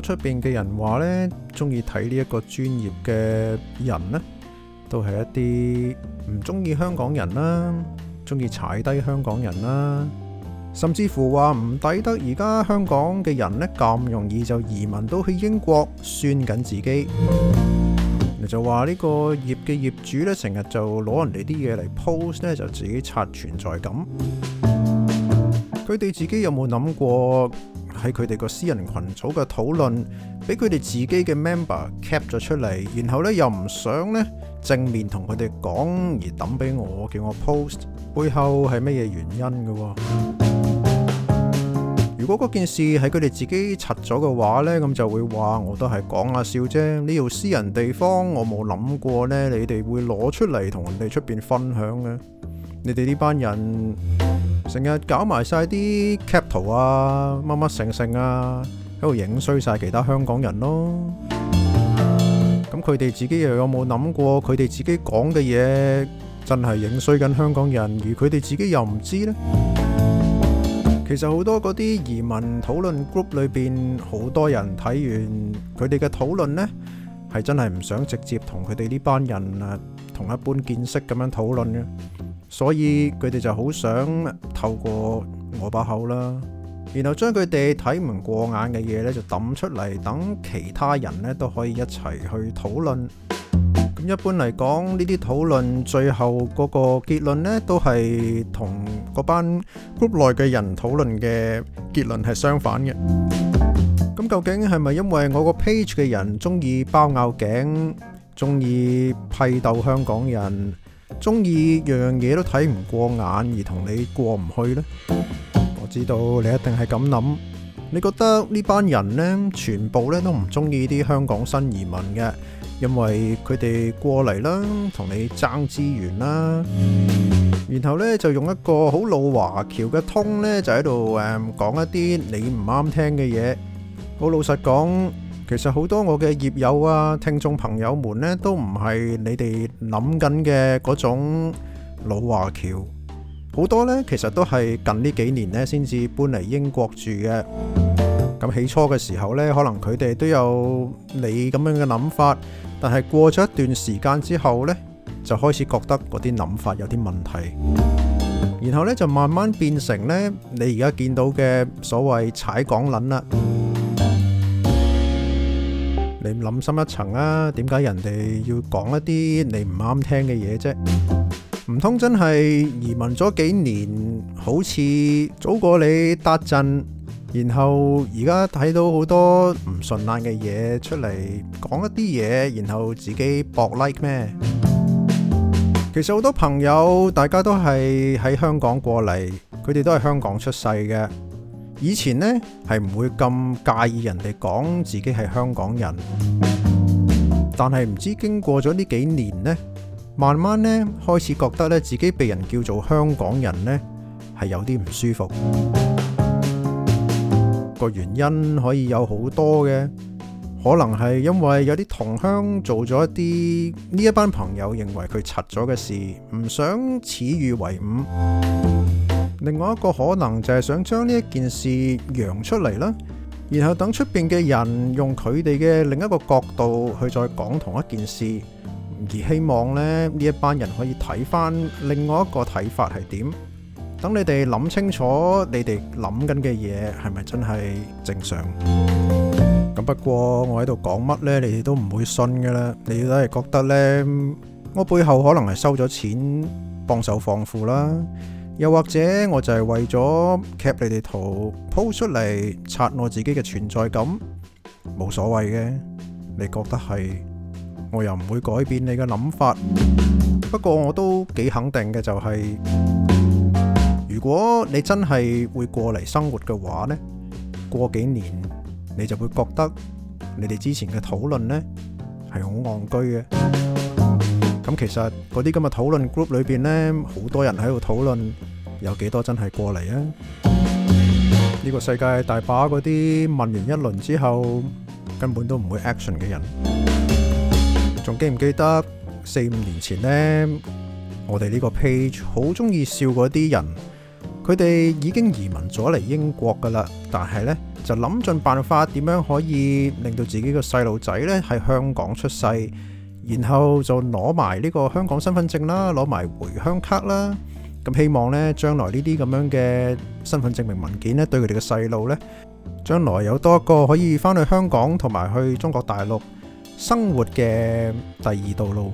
出邊嘅人話咧，中意睇呢一個專頁嘅人咧，都係一啲唔中意香港人啦，中意踩低香港人啦，甚至乎話唔抵得而家香港嘅人咧咁容易就移民到去英國算緊自己，就話呢個頁嘅頁主咧，成日就攞人哋啲嘢嚟 post 咧，就自己刷存在感，佢哋自己有冇諗過？喺佢哋個私人群組嘅討論，俾佢哋自己嘅 member cap 咗出嚟，然後咧又唔想咧正面同佢哋講而抌俾我，叫我 post 背後係乜嘢原因嘅哦？如果嗰件事係佢哋自己拆咗嘅話呢咁就會話我都係講下笑啫。呢度私人地方，我冇諗過呢。你哋會攞出嚟同人哋出邊分享嘅。你哋呢班人。成日搞埋晒啲 cap 圖啊，乜乜剩剩啊，喺度影衰晒其他香港人咯。咁佢哋自己又有冇諗過，佢哋自己講嘅嘢真係影衰緊香港人，而佢哋自己又唔知呢？其實好多嗰啲移民討論 group 裏邊，好多人睇完佢哋嘅討論呢，係真係唔想直接同佢哋呢班人啊，同一般見識咁樣討論嘅。所以佢哋就好想透過我把口啦，然後將佢哋睇唔過眼嘅嘢呢就抌出嚟，等其他人呢都可以一齊去討論。咁一般嚟講，呢啲討論最後嗰個結論呢，都係同嗰班 group 內嘅人討論嘅結論係相反嘅。咁究竟係咪因為我個 page 嘅人中意包拗頸，中意批鬥香港人，中意樣嘢都睇唔過眼而同你過唔去呢？我知道你一定係咁諗，你覺得呢班人呢，全部呢都唔中意啲香港新移民嘅，因為佢哋過嚟啦，同你爭資源啦，然後呢就用一個好老華僑嘅通呢就喺度誒講一啲你唔啱聽嘅嘢。好老實講。其實好多我嘅業友啊、聽眾朋友們呢，都唔係你哋諗緊嘅嗰種老華僑，好多呢，其實都係近呢幾年呢先至搬嚟英國住嘅。咁起初嘅時候呢，可能佢哋都有你咁樣嘅諗法，但係過咗一段時間之後呢，就開始覺得嗰啲諗法有啲問題，然後呢，就慢慢變成呢，你而家見到嘅所謂踩港撚啦。你諗深一層啊？點解人哋要講一啲你唔啱聽嘅嘢啫？唔通真係移民咗幾年，好似早過你達陣，然後而家睇到好多唔順眼嘅嘢出嚟，講一啲嘢，然後自己博 like 咩？其實好多朋友，大家都係喺香港過嚟，佢哋都係香港出世嘅。以前呢，係唔會咁介意人哋講自己係香港人，但係唔知經過咗呢幾年呢，慢慢呢開始覺得咧，自己被人叫做香港人呢，係有啲唔舒服。個原因可以有好多嘅，可能係因為有啲同鄉做咗一啲呢，一班朋友認為佢柒咗嘅事，唔想恥與為伍。另外一個可能就係想將呢一件事揚出嚟啦，然後等出邊嘅人用佢哋嘅另一個角度去再講同一件事，而希望咧呢一班人可以睇翻另外一個睇法係點。等你哋諗清楚，你哋諗緊嘅嘢係咪真係正常？咁不過我喺度講乜咧，你哋都唔會信嘅啦。你都係覺得咧，我背後可能係收咗錢幫手放負啦。又或者我就係為咗 cap 你哋圖 po 出嚟，刷我自己嘅存在感，冇所謂嘅。你覺得係，我又唔會改變你嘅諗法。不過我都幾肯定嘅就係、是，如果你真係會過嚟生活嘅話呢，過幾年你就會覺得你哋之前嘅討論呢係好戇居嘅。咁其實嗰啲噉嘅討論 group 裏邊呢，好多人喺度討論有幾多真係過嚟啊？呢個世界大把嗰啲問完一輪之後，根本都唔會 action 嘅人。仲記唔記得四五年前呢？我哋呢個 page 好中意笑嗰啲人，佢哋已經移民咗嚟英國噶啦，但係呢，就諗盡辦法點樣可以令到自己個細路仔呢喺香港出世。然後就攞埋呢個香港身份證啦，攞埋回鄉卡啦。咁希望呢，將來呢啲咁樣嘅身份證明文件呢，對佢哋嘅細路呢，將來有多一個可以翻去香港同埋去中國大陸生活嘅第二道路。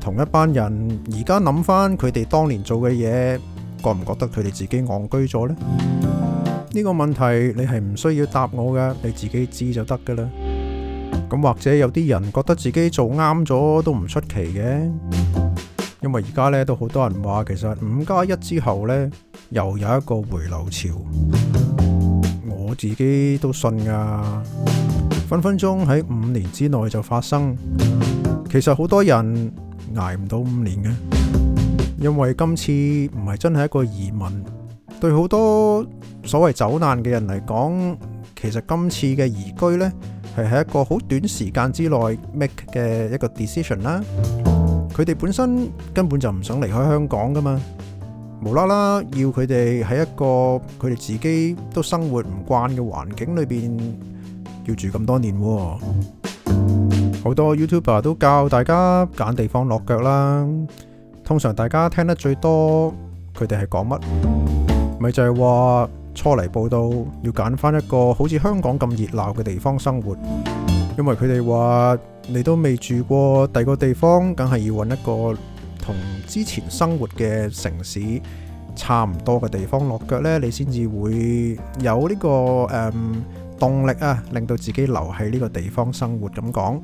同一班人而家諗翻佢哋當年做嘅嘢，覺唔覺得佢哋自己戇居咗呢？呢個問題你係唔需要答我嘅，你自己知就得噶啦。咁或者有啲人覺得自己做啱咗都唔出奇嘅，因為而家咧都好多人話，其實五加一之後呢又有一個回流潮，我自己都信㗎，分分鐘喺五年之內就發生。其實好多人捱唔到五年嘅，因為今次唔係真係一個移民，對好多所謂走難嘅人嚟講，其實今次嘅移居呢，係喺一個好短時間之內 make 嘅一個 decision 啦。佢哋本身根本就唔想離開香港㗎嘛，無啦啦要佢哋喺一個佢哋自己都生活唔慣嘅環境裏邊要住咁多年。好多 YouTuber 都教大家揀地方落腳啦。通常大家聽得最多佢哋係講乜？咪就係話。初嚟報到，要揀翻一個好似香港咁熱鬧嘅地方生活，因為佢哋話：你都未住過第二個地方，梗係要揾一個同之前生活嘅城市差唔多嘅地方落腳呢，你先至會有呢個誒、嗯、動力啊，令到自己留喺呢個地方生活咁講。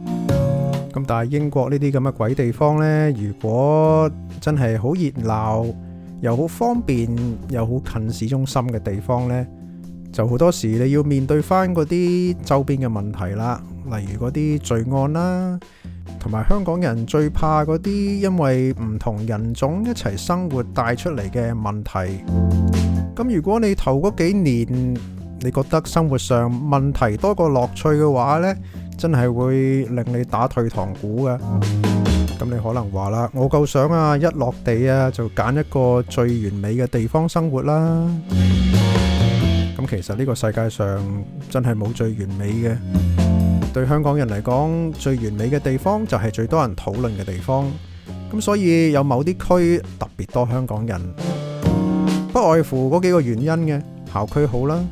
咁但係英國呢啲咁嘅鬼地方呢，如果真係好熱鬧，又好方便，又好近市中心嘅地方呢，就好多時你要面對翻嗰啲周邊嘅問題啦，例如嗰啲罪案啦，同埋香港人最怕嗰啲因為唔同人種一齊生活帶出嚟嘅問題。咁如果你頭嗰幾年，你覺得生活上問題多過樂趣嘅話呢，真係會令你打退堂鼓嘅。咁你可能話啦，我夠想啊，一落地啊，就揀一個最完美嘅地方生活啦。咁其實呢個世界上真係冇最完美嘅。對香港人嚟講，最完美嘅地方就係最多人討論嘅地方。咁所以有某啲區特別多香港人，不外乎嗰幾個原因嘅。校區好啦，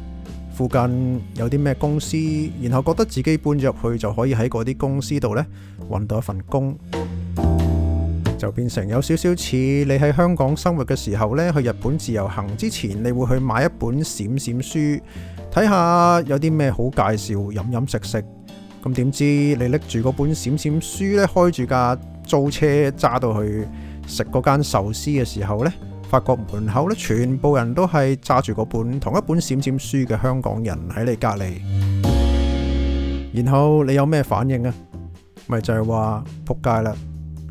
附近有啲咩公司，然後覺得自己搬咗入去就可以喺嗰啲公司度呢，揾到一份工。就變成有少少似你喺香港生活嘅時候呢，去日本自由行之前，你會去買一本閃閃書睇下有啲咩好介紹飲飲食食。咁點知你拎住嗰本閃閃書呢，開住架租車揸到去食嗰間壽司嘅時候呢，發覺門口呢，全部人都係揸住嗰本同一本閃閃書嘅香港人喺你隔籬，然後你有咩反應啊？咪就係話仆街啦！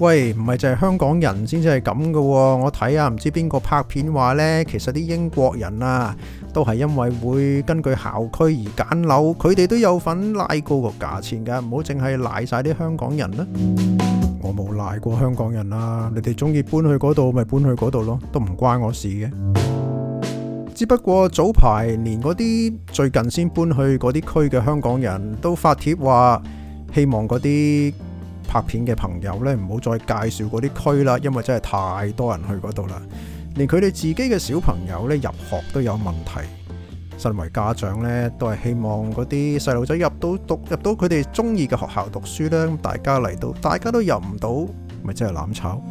喂，唔係淨係香港人先至係咁噶喎！我睇啊，唔知邊個拍片話呢，其實啲英國人啊，都係因為會根據校區而揀樓，佢哋都有份拉高個價錢噶，唔好淨係賴晒啲香港人啦！我冇賴過香港人啦，啊，你哋中意搬去嗰度咪搬去嗰度咯，都唔關我的事嘅。只不過早排連嗰啲最近先搬去嗰啲區嘅香港人都發帖話，希望嗰啲。拍片嘅朋友呢，唔好再介紹嗰啲區啦，因為真係太多人去嗰度啦，連佢哋自己嘅小朋友呢，入學都有問題。身為家長呢，都係希望嗰啲細路仔入到讀，入到佢哋中意嘅學校讀書呢。大家嚟到，大家都入唔到，咪真係攬炒。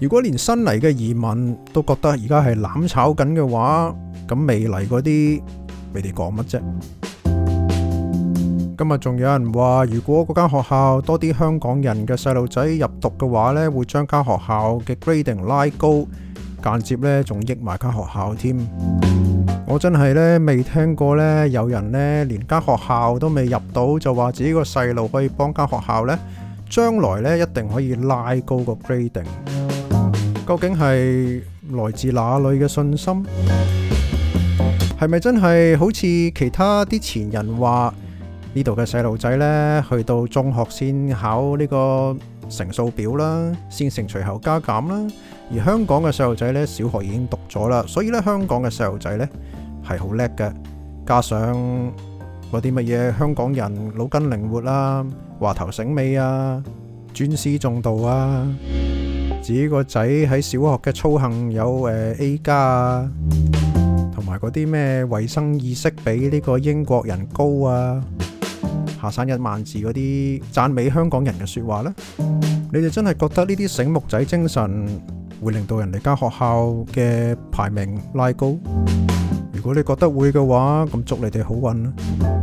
如果連新嚟嘅移民都覺得而家係攬炒緊嘅話，咁未嚟嗰啲，你哋講乜啫？今日仲有人話，如果嗰間學校多啲香港人嘅細路仔入讀嘅話呢，會將間學校嘅 grading 拉高，間接呢仲益埋間學校添。我真係呢，未聽過呢有人呢連間學校都未入到，就話自己個細路可以幫間學校呢，將來呢一定可以拉高個 grading。究竟係來自哪裏嘅信心？係咪真係好似其他啲前人話？呢度嘅細路仔呢，去到中學先考呢個乘數表啦，先乘除後加減啦。而香港嘅細路仔呢，小學已經讀咗啦，所以呢香港嘅細路仔呢係好叻嘅。加上嗰啲乜嘢香港人腦筋靈活啦，話頭醒尾啊，尊師重道啊。自己個仔喺小學嘅操行有誒 A 加啊，同埋嗰啲咩衞生意識比呢個英國人高啊。下山一萬字嗰啲讚美香港人嘅說話呢，你哋真係覺得呢啲醒目仔精神會令到人哋間學校嘅排名拉高？如果你覺得會嘅話，咁祝你哋好運啦！